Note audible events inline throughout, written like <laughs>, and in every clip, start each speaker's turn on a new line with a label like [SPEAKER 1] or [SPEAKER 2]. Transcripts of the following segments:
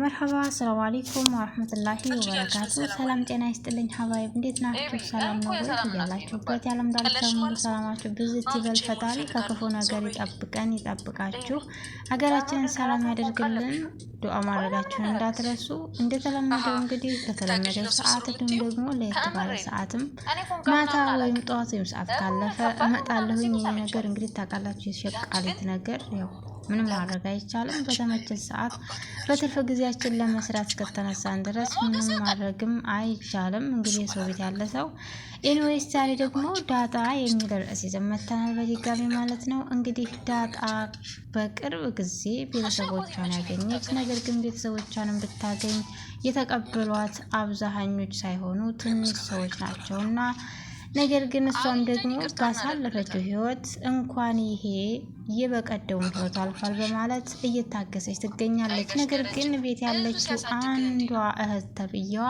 [SPEAKER 1] መርሀባ አሰላሙ አለይኩም ወረህመቱላሂ ወበረካቱ። ሰላም ጤና ይስጥልኝ ሀባይብ፣ እንዴት ናችሁ? ሰላም ነው ወይ? እያላችሁበት የዓለም ዳርቻ ሙሉ ሰላማችሁ ብዙ ይበል። ፈጣሪ ከክፉ ነገር ይጠብቀን ይጠብቃችሁ፣ ሀገራችንን ሰላም ያደርግልን። ዱዓ ማድረጋችሁን እንዳትረሱ። እንደተለመደው እንግዲህ በተለመደው ሰዓት እንዲሁም ደግሞ ለየት ባለ ሰዓትም ማታ ወይም ጠዋት ወይም ሰዓት ካለፈ እመጣለሁኝ። ይህ ነገር እንግዲህ ታውቃላችሁ የሸቃሊት ነገር ያው ምንም ማድረግ አይቻልም። በተመችን ሰዓት በትርፍ ጊዜያችን ለመስራት እስከተነሳን ድረስ ምንም ማድረግም አይቻልም። እንግዲህ የሰው ቤት ያለ ሰው ኤንዌይስ፣ ዛሬ ደግሞ ዳጣ የሚል ርዕስ ይዘን መጥተናል በድጋሚ ማለት ነው። እንግዲህ ዳጣ በቅርብ ጊዜ ቤተሰቦቿን ያገኘች፣ ነገር ግን ቤተሰቦቿንም ብታገኝ የተቀበሏት አብዛኞች ሳይሆኑ ትንሽ ሰዎች እና ነገር ግን እሷም ደግሞ ባሳለፈችው ህይወት እንኳን ይሄ የበቀደውም ህይወት አልፏል በማለት እየታገሰች ትገኛለች። ነገር ግን ቤት ያለችው አንዷ እህት ተብዬዋ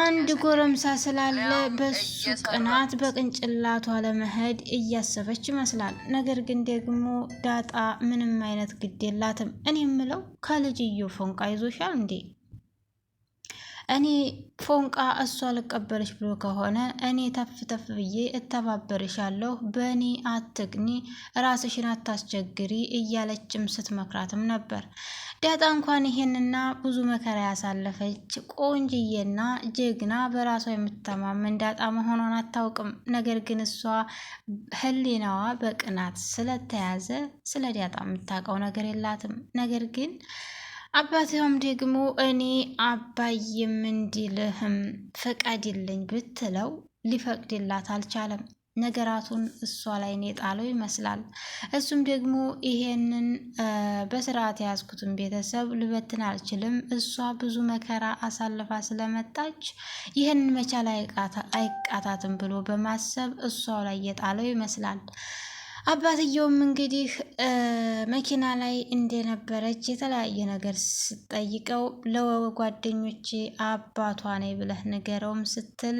[SPEAKER 1] አንድ ጎረምሳ ስላለ በሱ ቅናት በቅንጭላቷ ለመሄድ እያሰበች ይመስላል። ነገር ግን ደግሞ ዳጣ ምንም አይነት ግድ የላትም። እኔ የምለው ከልጅዮ ፎንቃ ይዞሻል እንዴ? እኔ ፎንቃ እሷ አልቀበለች ብሎ ከሆነ እኔ ተፍ ተፍ ብዬ እተባበርሻለሁ፣ በእኔ አትግኒ ራስሽን አታስቸግሪ እያለችም ስትመክራትም ነበር። ዳጣ እንኳን ይሄንና ብዙ መከራ ያሳለፈች ቆንጅዬና ጀግና በራሷ የምትተማመን ዳጣ መሆኗን አታውቅም። ነገር ግን እሷ ህሊናዋ በቅናት ስለተያዘ ስለ ዳጣ የምታውቀው ነገር የላትም። ነገር ግን አባትም ደግሞ እኔ አባዬም እንዲልህም ፈቃድልኝ ብትለው ሊፈቅድላት አልቻለም። ነገራቱን እሷ ላይ እኔ ጣለው ይመስላል። እሱም ደግሞ ይሄንን በስርዓት የያዝኩትን ቤተሰብ ልበትን አልችልም። እሷ ብዙ መከራ አሳልፋ ስለመጣች ይህንን መቻል አይቃታትም ብሎ በማሰብ እሷ ላይ የጣለው ይመስላል። አባትየውም እንግዲህ መኪና ላይ እንደነበረች የተለያየ ነገር ስጠይቀው ለጓደኞች አባቷ ነኝ ብለህ ንገረውም ስትል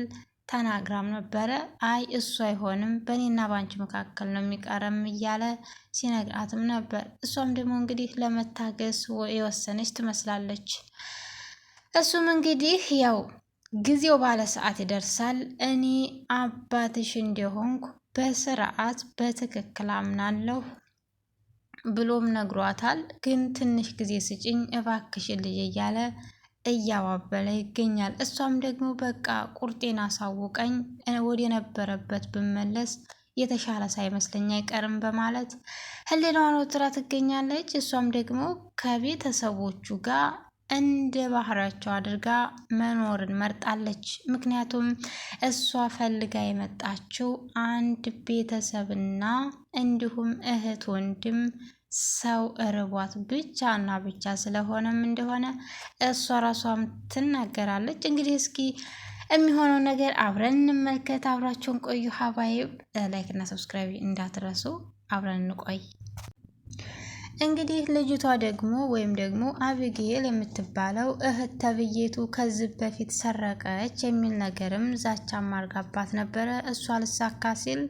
[SPEAKER 1] ተናግራም ነበረ። አይ እሱ አይሆንም በእኔና ባንቺ መካከል ነው የሚቀረም እያለ ሲነግራትም ነበር። እሷም ደግሞ እንግዲህ ለመታገስ የወሰነች ትመስላለች። እሱም እንግዲህ ያው ጊዜው ባለ ሰዓት ይደርሳል እኔ አባትሽ እንደሆንኩ በስርዓት በትክክል አምናለሁ ብሎም ነግሯታል። ግን ትንሽ ጊዜ ስጭኝ እባክሽ ልጄ እያለ እያባበለ ይገኛል። እሷም ደግሞ በቃ ቁርጤን አሳውቀኝ ወደ ነበረበት ብመለስ የተሻለ ሳይመስለኝ አይቀርም በማለት ህሊናዋን ወጥራ ትገኛለች። እሷም ደግሞ ከቤተሰቦቹ ጋር እንደ ባህሪያቸው አድርጋ መኖርን መርጣለች። ምክንያቱም እሷ ፈልጋ የመጣችው አንድ ቤተሰብና እንዲሁም እህት ወንድም ሰው እርቧት ብቻ እና ብቻ ስለሆነም እንደሆነ እሷ ራሷም ትናገራለች። እንግዲህ እስኪ የሚሆነው ነገር አብረን እንመልከት። አብራችሁን ቆዩ። ሀባይብ ላይክ እና ሰብስክራይብ እንዳትረሱ። አብረን እንቆይ። እንግዲህ ልጅቷ ደግሞ ወይም ደግሞ አብጌል የምትባለው እህት ተብዬቱ ከዚህ በፊት ሰረቀች የሚል ነገርም ዛቻ ማርጋባት ነበረ። እሷ ልሳካ ሲል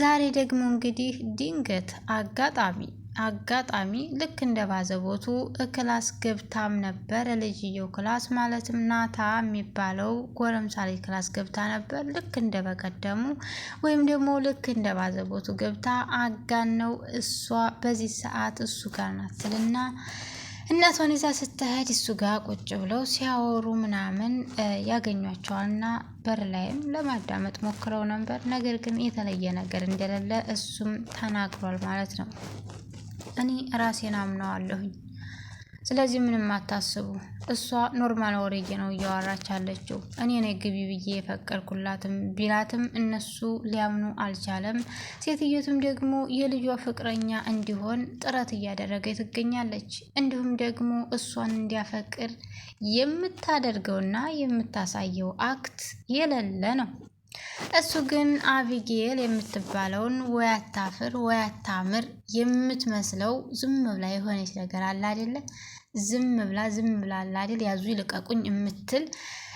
[SPEAKER 1] ዛሬ ደግሞ እንግዲህ ድንገት አጋጣሚ አጋጣሚ ልክ እንደ ባዘቦቱ ክላስ ገብታም ነበር። ልጅየው ክላስ ማለትም ናታ የሚባለው ጎረምሳ ክላስ ገብታ ነበር። ልክ እንደ በቀደሙ ወይም ደግሞ ልክ እንደ ባዘቦቱ ገብታ ነው እሷ በዚህ ሰዓት እሱ ጋር ናትልና እናቷን ይዛ ስትሄድ እሱ ጋር ቁጭ ብለው ሲያወሩ ምናምን ያገኟቸዋልና በር ላይም ለማዳመጥ ሞክረው ነበር። ነገር ግን የተለየ ነገር እንደሌለ እሱም ተናግሯል ማለት ነው። እኔ ራሴን አምነዋለሁኝ። ስለዚህ ምንም አታስቡ። እሷ ኖርማል ወሬጌ ነው እያወራች አለችው። እኔ ነኝ ግቢ ብዬ የፈቀድኩላትም ቢላትም እነሱ ሊያምኑ አልቻለም። ሴትየቱም ደግሞ የልጇ ፍቅረኛ እንዲሆን ጥረት እያደረገ ትገኛለች። እንዲሁም ደግሞ እሷን እንዲያፈቅር የምታደርገውና የምታሳየው አክት የሌለ ነው። እሱ ግን አቢጌል የምትባለውን ወይ አታፍር ወይ አታምር የምትመስለው ዝም ብላ የሆነች ነገር አለ አይደለ? ዝም ብላ ዝም ብላ አለ አይደል? ያዙ ይልቀቁኝ የምትል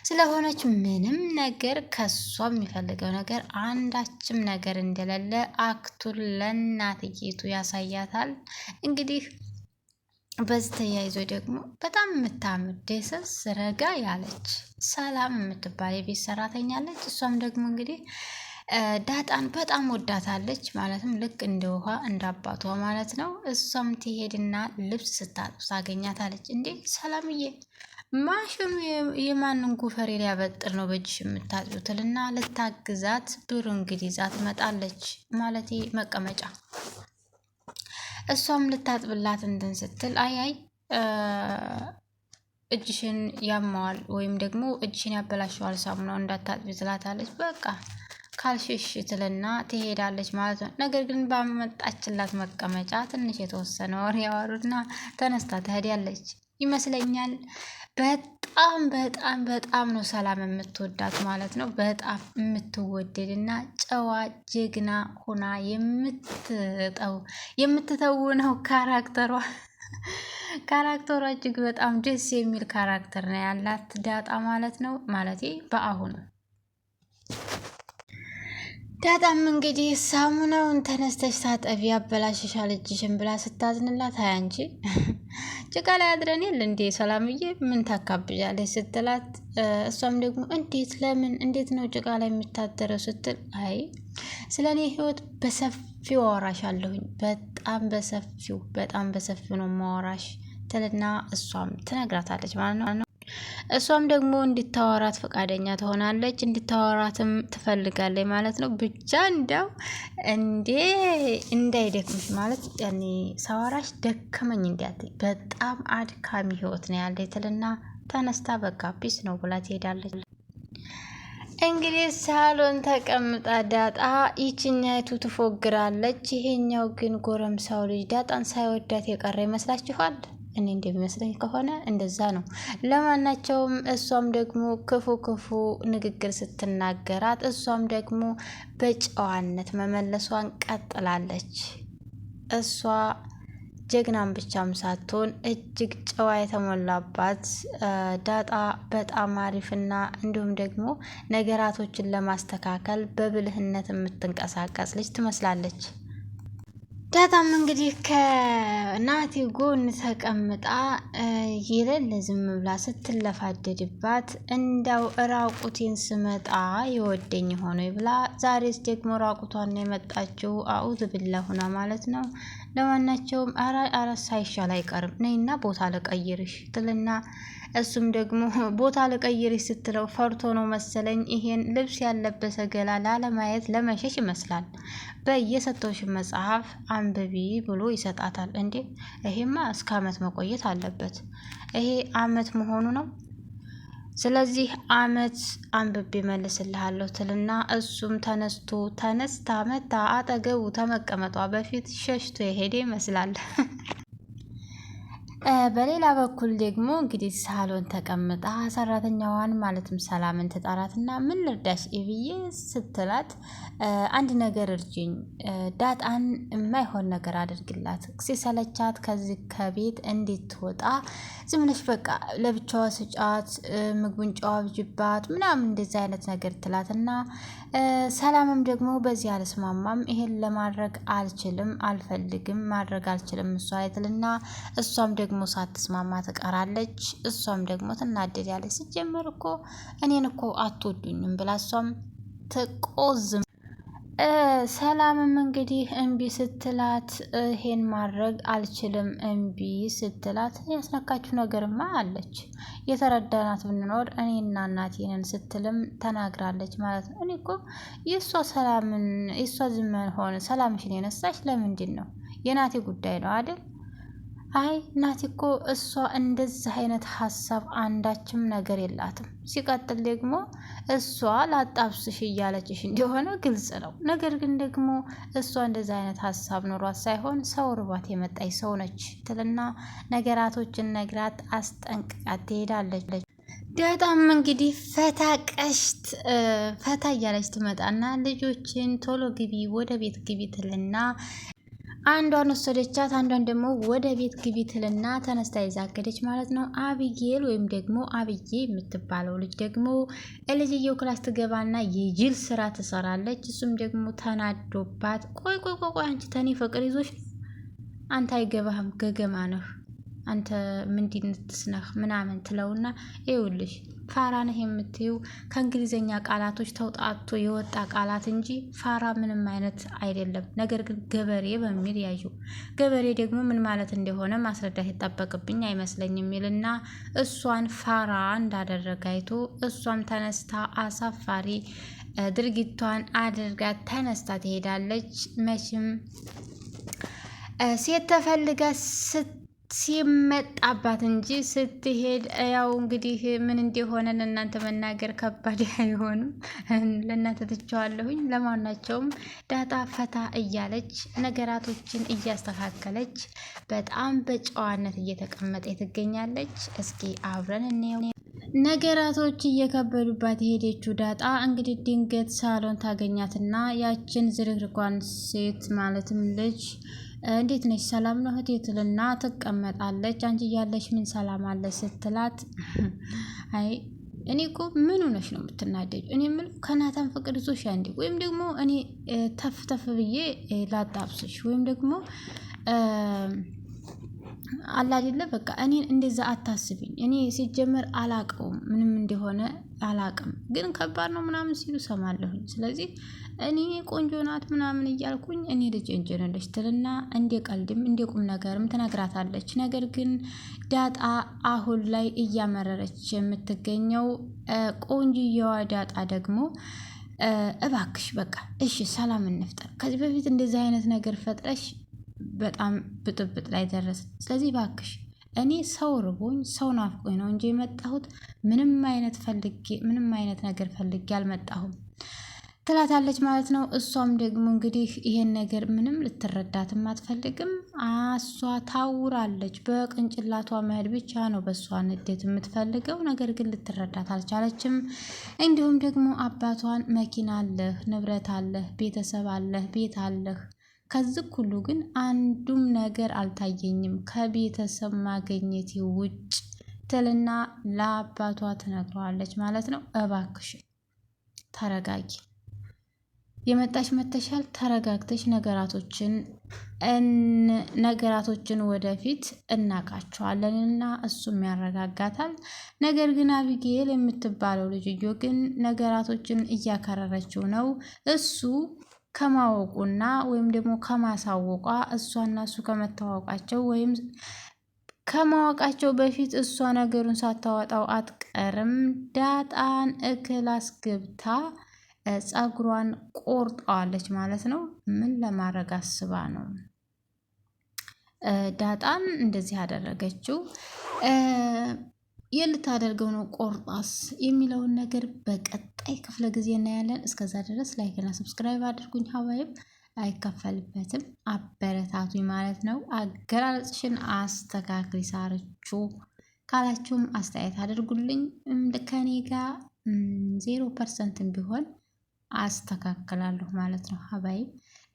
[SPEAKER 1] ስለሆነች ምንም ነገር ከሷ የሚፈልገው ነገር አንዳችም ነገር እንደሌለ አክቱን ለእናትዬቱ ያሳያታል እንግዲህ በዚህ ተያይዞ ደግሞ በጣም የምታምር ደሰስ ረጋ ያለች ሰላም የምትባል የቤት ሰራተኛ አለች። እሷም ደግሞ እንግዲህ ዳጣን በጣም ወዳታለች። ማለትም ልክ እንደ ውሃ እንደ አባቷ ማለት ነው። እሷም ትሄድና ልብስ ስታጥብ ታገኛታለች። እንዴ ሰላምዬ ማሽኑ የማንን ጉፈሬ ሊያበጥር ነው በእጅሽ የምታጭው ትልና ልታግዛት ብሩ እንግዲህ ይዛ ትመጣለች። ማለት መቀመጫ እሷም ልታጥብላት እንትን ስትል አያይ እጅሽን ያማዋል ወይም ደግሞ እጅሽን ያበላሸዋል ሳሙናው እንዳታጥቢ ትላታለች። በቃ ካልሽሽ ትልና ትሄዳለች ማለት ነው። ነገር ግን ባመጣችላት መቀመጫ ትንሽ የተወሰነ ወር ያወሩና ተነስታ ትሄዳለች ይመስለኛል። አሁን በጣም በጣም ነው ሰላም የምትወዳት ማለት ነው። በጣም የምትወደድ እና ጨዋ ጀግና ሆና የምትጠው የምትተውነው ካራክተሯ <laughs> ካራክተሯ እጅግ በጣም ደስ የሚል ካራክተር ነው ያላት ዳጣ ማለት ነው። ማለቴ በአሁኑ ዳጣም እንግዲህ ሳሙናውን ተነስተሽ ታጠቢ ያበላሸሻል እጅሽን ብላ ስታዝንላት ሀያ እንጂ ጭቃ ላይ አድረን የለ እንዴ ሰላምዬ ምን ታካብዣለች ስትላት፣ እሷም ደግሞ እንዴት ለምን እንዴት ነው ጭቃ ላይ የምታደረው ስትል፣ አይ ስለ እኔ ህይወት በሰፊው አወራሽ አለሁኝ በጣም በሰፊው በጣም በሰፊው ነው ማወራሽ ትልና እሷም ትነግራታለች ማለት ነው። እሷም ደግሞ እንድታወራት ፈቃደኛ ትሆናለች፣ እንድታወራትም ትፈልጋለች ማለት ነው። ብቻ እንዳው እንዴ እንዳይደክምሽ ማለት ያኔ ሳወራሽ ደከመኝ እንዲያት በጣም አድካሚ ህይወት ነው ያለ ትልና ተነስታ በቃ ፒስ ነው ብላ ትሄዳለች። እንግዲህ ሳሎን ተቀምጣ ዳጣ ይችኛይቱ ትፎግራለች፣ ይሄኛው ግን ጎረምሳው ልጅ ዳጣን ሳይወዳት የቀረ ይመስላችኋል? እኔ እንደሚመስለኝ ከሆነ እንደዛ ነው። ለማናቸውም እሷም ደግሞ ክፉ ክፉ ንግግር ስትናገራት እሷም ደግሞ በጨዋነት መመለሷን ቀጥላለች። እሷ ጀግናም ብቻም ሳትሆን እጅግ ጨዋ የተሞላባት ዳጣ በጣም አሪፍና እንዲሁም ደግሞ ነገራቶችን ለማስተካከል በብልህነት የምትንቀሳቀስ ልጅ ትመስላለች። ዳጣም እንግዲህ ከናቲ ጎን ተቀምጣ የለለ ዝም ብላ ስትለፋደድባት እንዳው ራቁቴን ስመጣ የወደኝ ሆኖ ብላ ዛሬስ ደግሞ ራቁቷን የመጣችው አዑዝ ብላ ሁና ማለት ነው። ለማናቸውም አረ ሳይሻል አይቀርም ነይና ቦታ ለቀይርሽ ትልና እሱም ደግሞ ቦታ ልቀይር ስትለው ፈርቶ ነው መሰለኝ ይሄን ልብስ ያለበሰ ገላ ላለማየት ለመሸሽ ይመስላል። በየሰጠውሽ መጽሐፍ አንብቢ ብሎ ይሰጣታል። እንዴ ይሄማ እስከ አመት መቆየት አለበት። ይሄ አመት መሆኑ ነው። ስለዚህ አመት አንብቤ መልስልሃለሁ ትልና እሱም ተነስቶ ተነስታ መታ አጠገቡ ተመቀመጧ በፊት ሸሽቶ የሄደ ይመስላል። <laughs> በሌላ በኩል ደግሞ እንግዲህ ሳሎን ተቀምጣ ሰራተኛዋን ማለትም ሰላምን ትጣራትና ምን ልርዳሽ ብዬ ስትላት አንድ ነገር እርጅኝ ዳጣን የማይሆን ነገር አድርግላት ሲሰለቻት ከዚህ ከቤት እንድትወጣ ዝም ብለሽ በቃ ለብቻዋ ስጫት፣ ምግቡን ጨዋ ብጅባት ምናምን እንደዚህ አይነት ነገር ትላትና ሰላምም ደግሞ በዚህ አልስማማም፣ ይሄን ለማድረግ አልችልም፣ አልፈልግም፣ ማድረግ አልችልም እሷ አይትልና እሷም ደግሞ ደግሞ ሳትስማማ ትቀራለች። እሷም ደግሞ ትናደድ ትናደዳለች። ሲጀመር እኮ እኔን እኮ አትወዱኝም ብላ እሷም ትቆዝም ሰላምም እንግዲህ እምቢ ስትላት ይሄን ማድረግ አልችልም እምቢ ስትላት ያስነካችሁ ነገርማ አለች። የተረዳናት ብንኖር እኔና እናቴንን ስትልም ተናግራለች ማለት ነው። እኔ እኮ የእሷ ሰላምን የእሷ ዝመን ሆነ ሰላምሽን የነሳች ለምንድን ነው? የናቴ ጉዳይ ነው አይደል? አይ እናቴ እኮ እሷ እንደዚህ አይነት ሀሳብ አንዳችም ነገር የላትም። ሲቀጥል ደግሞ እሷ ላጣብስሽ እያለችሽ እንደሆነ ግልጽ ነው። ነገር ግን ደግሞ እሷ እንደዚህ አይነት ሀሳብ ኑሯት ሳይሆን ሰው ርባት የመጣች ሰው ነች ትልና ነገራቶችን ነግራት አስጠንቅቃት ትሄዳለች። ዳጣም እንግዲህ ፈታ ቀሽት ፈታ እያለች ትመጣና ልጆችን ቶሎ ግቢ፣ ወደ ቤት ግቢ ትልና አንዷን ወሰደቻት፣ አንዷን ደግሞ ወደ ቤት ግቢ ትልና ተነስታ ይዛገደች ማለት ነው። አብጌል ወይም ደግሞ አብዬ የምትባለው ልጅ ደግሞ ልጅየው ክላስ ትገባና የጅል ስራ ትሰራለች። እሱም ደግሞ ተናዶባት ቆይ ቆይ ቆይ አንቺ ተኔ ፍቅር ይዞሽ ነው አንተ አይገባህም ገገማ ነህ አንተ ምንዲንትስ ነህ ምናምን ትለውና ይውልሽ ፋራ ነህ የምትይው ከእንግሊዝኛ ቃላቶች ተውጣቶ የወጣ ቃላት እንጂ ፋራ ምንም አይነት አይደለም። ነገር ግን ገበሬ በሚል ያዩ ገበሬ ደግሞ ምን ማለት እንደሆነ ማስረዳት ይጠበቅብኝ አይመስለኝም ይልና እሷን ፋራ እንዳደረገ አይቶ እሷም ተነስታ አሳፋሪ ድርጊቷን አድርጋ ተነስታ ትሄዳለች። መቼም ሴት ተፈልጋ ስት ሲመጣባት እንጂ ስትሄድ ያው እንግዲህ ምን እንደሆነ ለእናንተ መናገር ከባድ <laughs> አይሆንም። ለእናንተ ትቸዋለሁኝ። ለማናቸውም ዳጣ ፈታ እያለች ነገራቶችን እያስተካከለች በጣም በጨዋነት እየተቀመጠ ትገኛለች። እስኪ አብረን እንየው። ነገራቶች እየከበዱባት የሄደችው ዳጣ እንግዲህ ድንገት ሳሎን ታገኛትና ያችን ዝርግርጓን ሴት ማለትም ልጅ እንዴት ነች ሰላም ነው እህቴ ትልና ትቀመጣለች። አንቺ እያለሽ ምን ሰላም አለ ስትላት፣ <laughs> አይ እኔ እኮ ምን ሆነሽ ነው የምትናደጅ? እኔ የምል ከናታን ፍቅር ይዞሽ አንዴ ወይም ደግሞ እኔ ተፍ ተፍ ብዬ ላጣብስሽ ወይም ደግሞ አላጅለ በቃ እኔን እንደዛ አታስብኝ። እኔ ሲጀመር አላቀውም ምንም እንደሆነ አላቅም፣ ግን ከባድ ነው ምናምን ሲሉ ሰማለሁኝ። ስለዚህ እኔ ቆንጆ ናት ምናምን እያልኩኝ እኔ ልጅ እንጀነለች ትልና እንደ ቀልድም እንደ ቁም ነገርም ትነግራታለች። ነገር ግን ዳጣ አሁን ላይ እያመረረች የምትገኘው ቆንጅየዋ ዳጣ ደግሞ እባክሽ በቃ እሺ ሰላም እንፍጠር። ከዚህ በፊት እንደዚህ አይነት ነገር ፈጥረሽ በጣም ብጥብጥ ላይ ደረስ ስለዚህ ባክሽ እኔ ሰው ርቦኝ ሰው ናፍቆኝ ነው እንጂ የመጣሁት ምንም አይነት ፈልጌ ምንም አይነት ነገር ፈልጌ አልመጣሁም ትላታለች ማለት ነው። እሷም ደግሞ እንግዲህ ይሄን ነገር ምንም ልትረዳትም አትፈልግም። እሷ ታውራለች። በቅንጭላቷ መሄድ ብቻ ነው በእሷ ንዴት የምትፈልገው ነገር ግን ልትረዳት አልቻለችም። እንዲሁም ደግሞ አባቷን መኪና አለህ፣ ንብረት አለህ፣ ቤተሰብ አለህ፣ ቤት አለህ ከዚህ ሁሉ ግን አንዱም ነገር አልታየኝም ከቤተሰብ ማግኘቴ ውጭ ትልና ለአባቷ ትነግረዋለች ማለት ነው። እባክሽ ተረጋጊ፣ የመጣሽ መተሻል፣ ተረጋግተሽ ነገራቶችን ነገራቶችን ወደፊት እናቃቸዋለንና እሱም ያረጋጋታል። ነገር ግን አቢጌል የምትባለው ልጅዮ ግን ነገራቶችን እያከረረችው ነው እሱ ከማወቁና ወይም ደግሞ ከማሳወቋ እሷና እሱ ከመተዋወቃቸው ወይም ከማወቃቸው በፊት እሷ ነገሩን ሳታወጣው አትቀርም። ዳጣን እክል አስገብታ ፀጉሯን ቆርጠዋለች ማለት ነው። ምን ለማድረግ አስባ ነው ዳጣን እንደዚህ ያደረገችው? የልታደርገው ነው ቆርጣስ የሚለውን ነገር በቀጣይ ክፍለ ጊዜ እናያለን። እስከዛ ድረስ ላይክና ሰብስክራይብ አድርጉኝ። ሀባይም አይከፈልበትም፣ አበረታቱኝ ማለት ነው። አገላለጽሽን አስተካክሪ ሳርቹ ካላችሁም አስተያየት አድርጉልኝ። ከኔ ጋር ዜሮ ፐርሰንትም ቢሆን አስተካክላለሁ ማለት ነው ሀባይም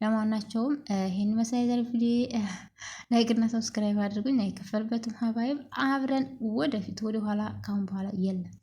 [SPEAKER 1] ለማናቸውም ይህን መሳይ ዘርፍ ላይክና ሰብስክራይብ አድርጉኝ። አይከፈልበትም ሀባይብ አብረን ወደፊት ወደኋላ ካሁን በኋላ የለም።